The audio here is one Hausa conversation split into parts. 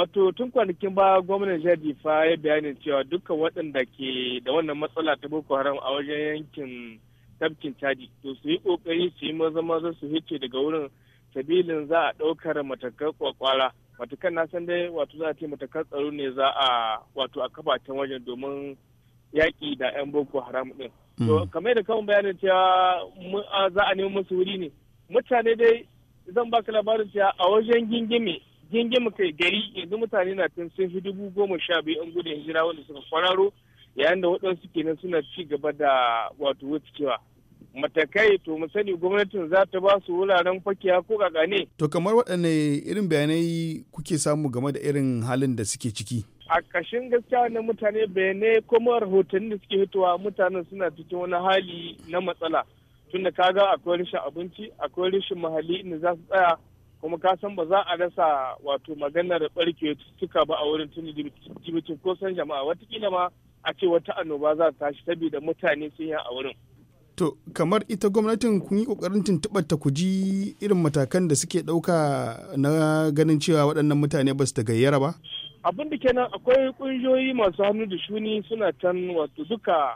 Wato tun kwanakin ba gwamnan jihar Difa ya bayanin cewa dukkan waɗanda ke da wannan matsala ta Boko Haram a wajen yankin tafkin caji to su yi kokari su yi maza maza su hice daga wurin sabilin za a ɗaukar matakan kwakwara matakan na san dai wato za a ce matakan tsaro ne za a wato a kafa can wajen domin yaƙi da 'yan Boko Haram ɗin. To mm. kamar da kawun bayanin cewa za a nemi musu wuri ne mutane dai zan baka labarin cewa a wajen gingime mu kai gari yanzu mutane na tun sun fi dubu goma sha biyu an gudun hijira wanda suka kwararo yayin da waɗansu kenan suna ci gaba da wato wucewa matakai to mu sani gwamnatin za ta ba su wuraren fakiya ko kakane. To kamar waɗanne irin bayanai kuke samu game da irin halin da suke ciki? A ƙashin gaskiya na mutane bayanai kuma rahotanni da suke fitowa mutanen suna cikin wani hali na matsala. Tunda kaga akwai rashin abinci, akwai rashin muhalli inda za su tsaya, kuma ka san ba za a rasa wato maganar barke cututtuka ba a wurin tuni jibitin ko san jama'a watakila ma a ce wata annoba za ta tashi saboda mutane sun yi a wurin. To kamar ita gwamnatin kun yi kokarin tuntuɓar ta ku ji irin matakan da suke ɗauka na ganin cewa waɗannan mutane ba su ta gayyara ba? abin da kenan akwai ƙungiyoyi masu hannu da shuni suna can wato duka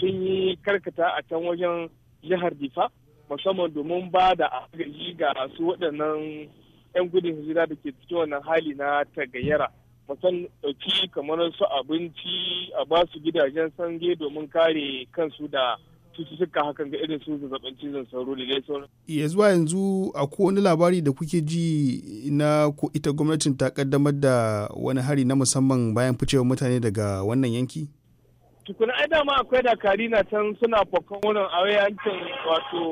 sun yi karkata a can wajen jihar difa musamman domin ba da agaji ga su waɗannan 'yan gudun hijira da ke cikin wannan hali na tagayyara musan ɗauki kamar su abinci a ba su gidajen sange domin kare kansu da cututtuka hakan ga irin su zazzabin cizon sauro da dai sauran. ya zuwa yanzu a wani labari da kuke ji na ko ita gwamnatin ta kaddamar da wani hari na musamman bayan ficewar mutane daga wannan yanki? tukuna ai dama akwai dakari na can suna fakon wurin a yankin wato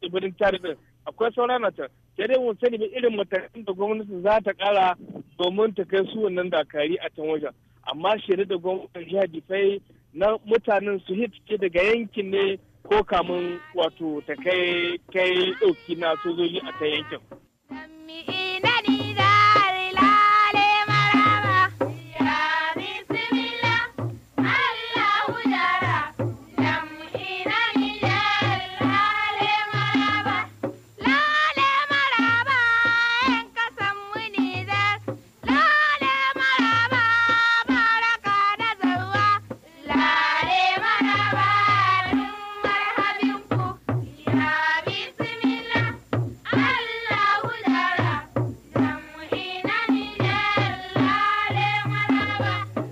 tsibirin tarihin akwai saura na can sai dai mun sani irin matakan da gwamnati za ta kara domin ta kai su wannan dakari a can wajen amma shirye da gwamnatin jiha difai na mutanen su hitike daga yankin ne ko kamun wato ta kai kai dauki na sojoji a ta yankin